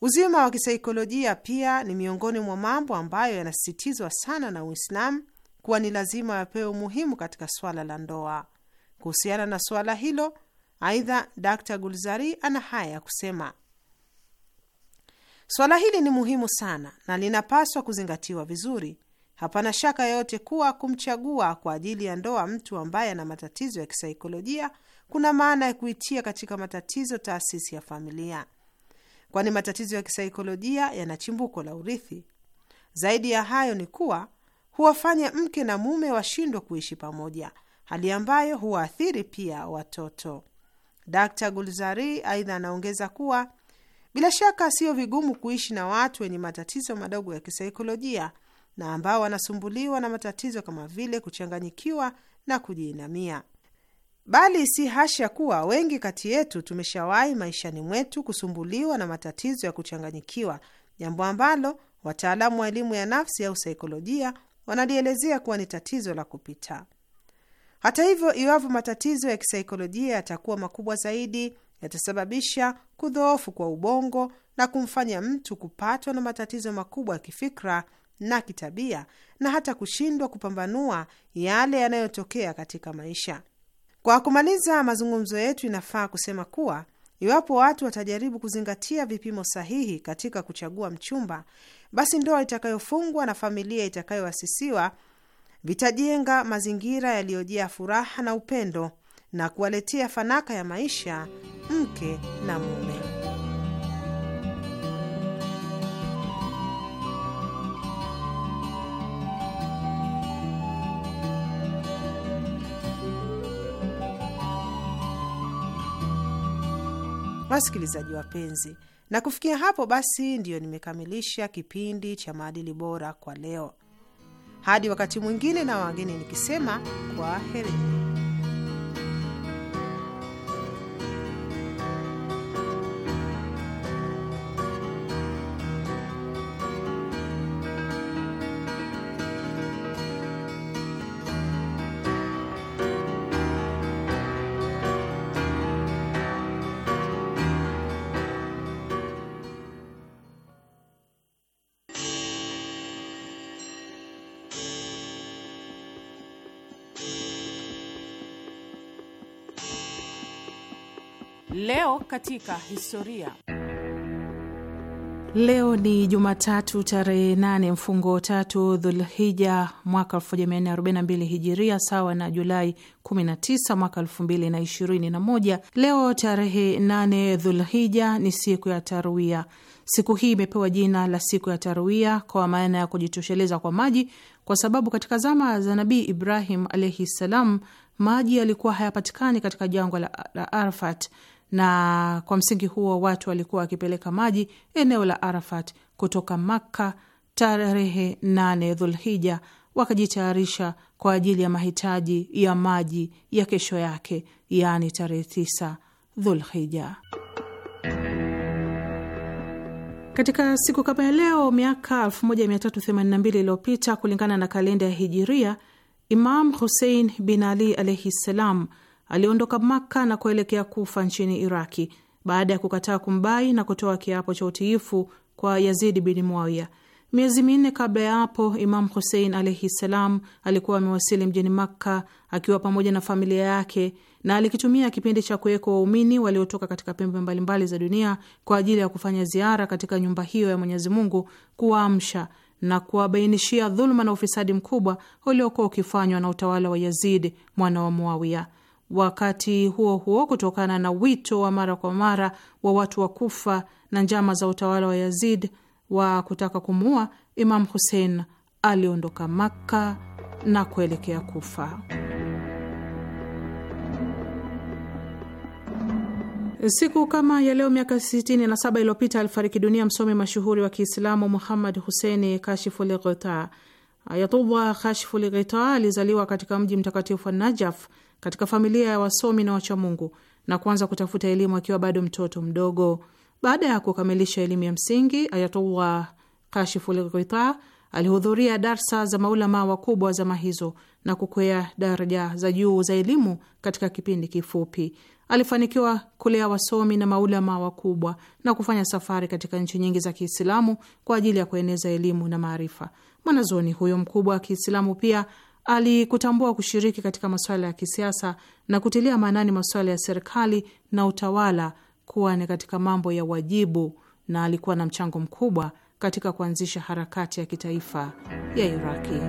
Uzima wa kisaikolojia pia ni miongoni mwa mambo ambayo yanasisitizwa sana na Uislamu kuwa ni lazima yapewe umuhimu katika swala la ndoa. Kuhusiana na swala hilo Aidha, Dr Gulzari ana haya ya kusema: swala hili ni muhimu sana na linapaswa kuzingatiwa vizuri. Hapana shaka yoyote kuwa kumchagua kwa ajili ya ndoa mtu ambaye ana matatizo ya kisaikolojia kuna maana ya kuitia katika matatizo taasisi ya familia, kwani matatizo ya kisaikolojia yana chimbuko la urithi. Zaidi ya hayo ni kuwa huwafanya mke na mume washindwe kuishi pamoja, hali ambayo huwaathiri pia watoto. Dr Gulzari aidha anaongeza kuwa bila shaka sio vigumu kuishi na watu wenye matatizo madogo ya kisaikolojia na ambao wanasumbuliwa na matatizo kama vile kuchanganyikiwa na kujiinamia, bali si hasha kuwa wengi kati yetu tumeshawahi maishani mwetu kusumbuliwa na matatizo ya kuchanganyikiwa, jambo ambalo wataalamu wa elimu ya nafsi au saikolojia wanalielezea kuwa ni tatizo la kupita. Hata hivyo, iwapo matatizo ya kisaikolojia yatakuwa makubwa zaidi, yatasababisha kudhoofu kwa ubongo na kumfanya mtu kupatwa na matatizo makubwa ya kifikra na kitabia na hata kushindwa kupambanua yale yanayotokea katika maisha. Kwa kumaliza mazungumzo yetu, inafaa kusema kuwa iwapo watu watajaribu kuzingatia vipimo sahihi katika kuchagua mchumba, basi ndoa itakayofungwa na familia itakayoasisiwa vitajenga mazingira yaliyojaa furaha na upendo na kuwaletea fanaka ya maisha mke na mume. Wasikilizaji wapenzi, na kufikia hapo basi ndiyo nimekamilisha kipindi cha maadili bora kwa leo. Hadi wakati mwingine na wageni nikisema kwa heri. Leo katika historia. Leo ni Jumatatu tarehe nane mfungo tatu Dhulhija mwaka 1442 hijiria sawa na Julai 19 mwaka 2021. Leo tarehe nane Dhulhija ni siku ya tarwia. Siku hii imepewa jina la siku ya tarwia kwa maana ya kujitosheleza kwa maji, kwa sababu katika zama za Nabii Ibrahim alaihi ssalam maji yalikuwa hayapatikani katika jangwa la Arfat na kwa msingi huo watu walikuwa wakipeleka maji eneo la Arafat kutoka Makka tarehe 8 Dhulhija, wakajitayarisha kwa ajili ya mahitaji ya maji ya kesho yake, yaani tarehe 9 Dhulhija. Katika siku kama ya leo miaka 1382 iliyopita kulingana na kalenda ya Hijiria, Imam Husein bin Ali alaihi ssalam Aliondoka Makka na kuelekea Kufa nchini Iraki baada ya kukataa kumbai na kutoa kiapo cha utiifu kwa Yazidi bin Muawiya. Miezi minne kabla ya hapo, Imam Husein alaihi ssalam alikuwa amewasili mjini Makka akiwa pamoja na familia yake, na alikitumia kipindi cha kuwekwa waumini waliotoka katika pembe mbalimbali za dunia kwa ajili ya kufanya ziara katika nyumba hiyo ya Mwenyezi Mungu, kuwaamsha na kuwabainishia dhuluma na ufisadi mkubwa uliokuwa ukifanywa na utawala wa Yazid mwana wa Muawiya. Wakati huo huo, kutokana na wito wa mara kwa mara wa watu wa Kufa na njama za utawala wa Yazid wa kutaka kumuua Imam Hussein, aliondoka Makka na kuelekea Kufa. Siku kama ya leo miaka 67 iliyopita alifariki dunia msomi mashuhuri wa Kiislamu Muhammad Huseini Kashiful Ghita. Ayatullah Kashiful Ghita alizaliwa katika mji mtakatifu wa Najaf katika familia ya wasomi na wachamungu na kuanza kutafuta elimu akiwa bado mtoto mdogo. Baada ya kukamilisha elimu ya msingi, Ayatullah Kashiful Ghita alihudhuria darsa za maulama wakubwa wa zama hizo na kukwea daraja za juu za elimu katika kipindi kifupi. Alifanikiwa kulea wasomi na maulama wakubwa na kufanya safari katika nchi nyingi za Kiislamu kwa ajili ya kueneza elimu na maarifa. Mwanazoni huyo mkubwa wa Kiislamu pia alikutambua kushiriki katika masuala ya kisiasa na kutilia maanani masuala ya serikali na utawala kuwa ni katika mambo ya wajibu, na alikuwa na mchango mkubwa katika kuanzisha harakati ya kitaifa ya Iraki.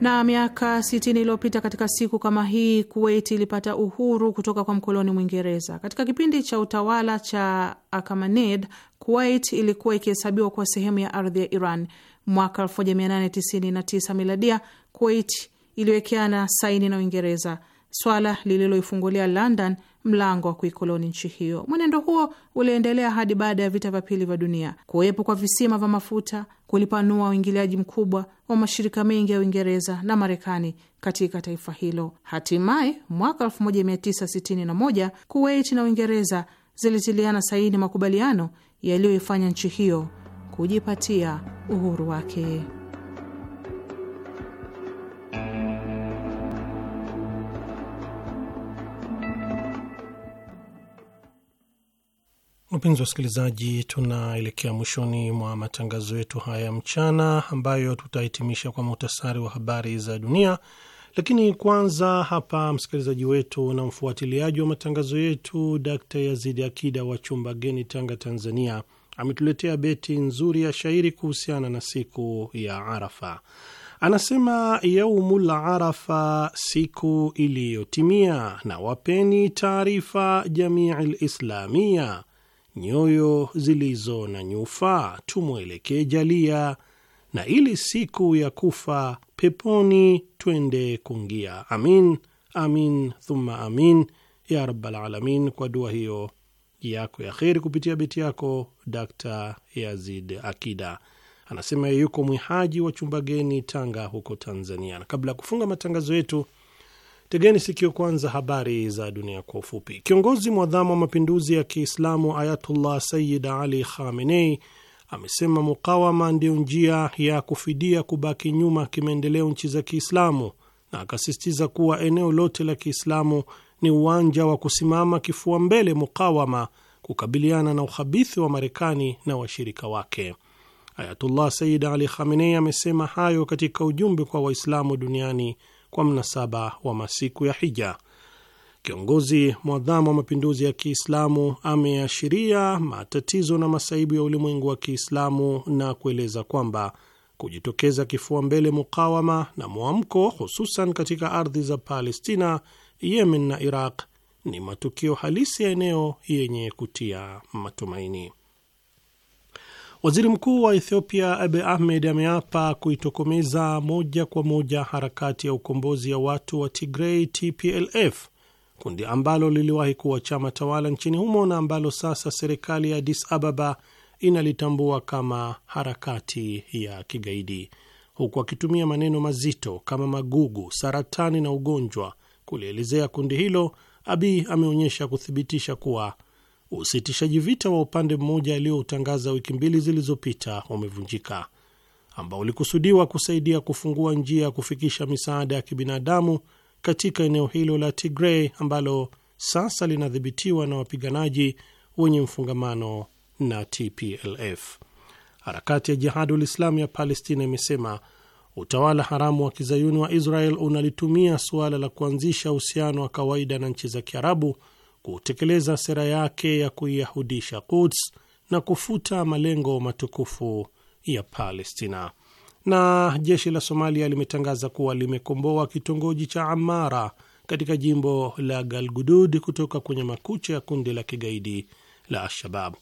Na miaka 60 iliyopita katika siku kama hii, Kuwait ilipata uhuru kutoka kwa mkoloni Mwingereza. Katika kipindi cha utawala cha Akamanid, Kuwait ilikuwa ikihesabiwa kuwa sehemu ya ardhi ya Iran. Mwaka 1899 miladia, Kuwait iliwekeana saini na Uingereza, swala lililoifungulia London mlango wa kuikoloni nchi hiyo. Mwenendo huo uliendelea hadi baada ya vita vya pili vya dunia. Kuwepo kwa visima vya mafuta kulipanua uingiliaji mkubwa wa mashirika mengi ya Uingereza na Marekani katika taifa hilo. Hatimaye mwaka 1961 Kuwait na Uingereza zilitiliana saini makubaliano yaliyoifanya nchi hiyo kujipatia uhuru wake. Wapenzi wasikilizaji, tunaelekea mwishoni mwa matangazo yetu haya mchana, ambayo tutahitimisha kwa muhtasari wa habari za dunia. Lakini kwanza hapa, msikilizaji wetu na mfuatiliaji wa matangazo yetu dakta Yazidi Akida wa chumba geni, Tanga, Tanzania, ametuletea beti nzuri ya shairi kuhusiana na siku ya Arafa. Anasema, yaumul arafa, siku iliyotimia, na wapeni taarifa jamii lislamia nyoyo zilizo na nyufa, tumwelekee jalia, na ili siku ya kufa peponi twende kungia. Amin, amin thumma amin ya rabbal alamin. Kwa dua hiyo yako ya kheri kupitia beti yako Dr. Yazid Akida anasema yuko mwihaji wa chumba geni Tanga huko Tanzania. Na kabla ya kufunga matangazo yetu Tegeni sikio kwanza, habari za dunia kwa ufupi. Kiongozi mwadhamu wa mapinduzi ya Kiislamu Ayatullah Sayyid Ali Khamenei amesema mukawama ndiyo njia ya kufidia kubaki nyuma kimaendeleo nchi za Kiislamu, na akasisitiza kuwa eneo lote la Kiislamu ni uwanja wa kusimama kifua mbele mukawama kukabiliana na uhabithi wa Marekani na washirika wake. Ayatullah Sayyid Ali Khamenei amesema hayo katika ujumbe kwa Waislamu duniani kwa mnasaba wa masiku ya Hija. Kiongozi mwadhamu wa mapinduzi ya Kiislamu ameashiria matatizo na masaibu ya ulimwengu wa Kiislamu na kueleza kwamba kujitokeza kifua mbele mukawama na mwamko, hususan katika ardhi za Palestina, Yemen na Iraq ni matukio halisi ya eneo yenye kutia matumaini. Waziri mkuu wa Ethiopia Abe Ahmed ameapa kuitokomeza moja kwa moja harakati ya ukombozi ya watu wa tigrei TPLF, kundi ambalo liliwahi kuwa chama tawala nchini humo na ambalo sasa serikali ya Addis Ababa inalitambua kama harakati ya kigaidi, huku akitumia maneno mazito kama magugu, saratani na ugonjwa kulielezea kundi hilo. abi ameonyesha kuthibitisha kuwa usitishaji vita wa upande mmoja aliyoutangaza wiki mbili zilizopita umevunjika, ambao ulikusudiwa kusaidia kufungua njia ya kufikisha misaada ya kibinadamu katika eneo hilo la Tigray ambalo sasa linadhibitiwa na wapiganaji wenye mfungamano na TPLF. Harakati ya Jihadul Islamu ya Palestina imesema utawala haramu wa kizayuni wa Israel unalitumia suala la kuanzisha uhusiano wa kawaida na nchi za Kiarabu kutekeleza sera yake ya kuiyahudisha Quds na kufuta malengo matukufu ya Palestina. Na jeshi la Somalia limetangaza kuwa limekomboa kitongoji cha Amara katika jimbo la Galgudud kutoka kwenye makucha ya kundi la kigaidi la Al-Shabab.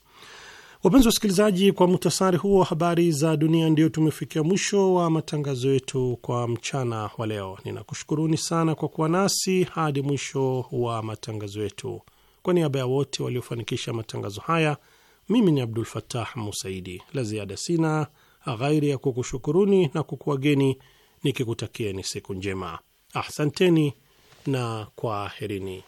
Wapenzi wasikilizaji, kwa muhtasari huo habari za dunia, ndio tumefikia mwisho wa matangazo yetu kwa mchana wa leo. Ninakushukuruni sana kwa kuwa nasi hadi mwisho wa matangazo yetu. Kwa niaba ya wote waliofanikisha matangazo haya, mimi ni Abdul fatah Musaidi. La ziada sina ghairi ya kukushukuruni na kukuwageni nikikutakieni siku njema. Ahsanteni na kwaherini.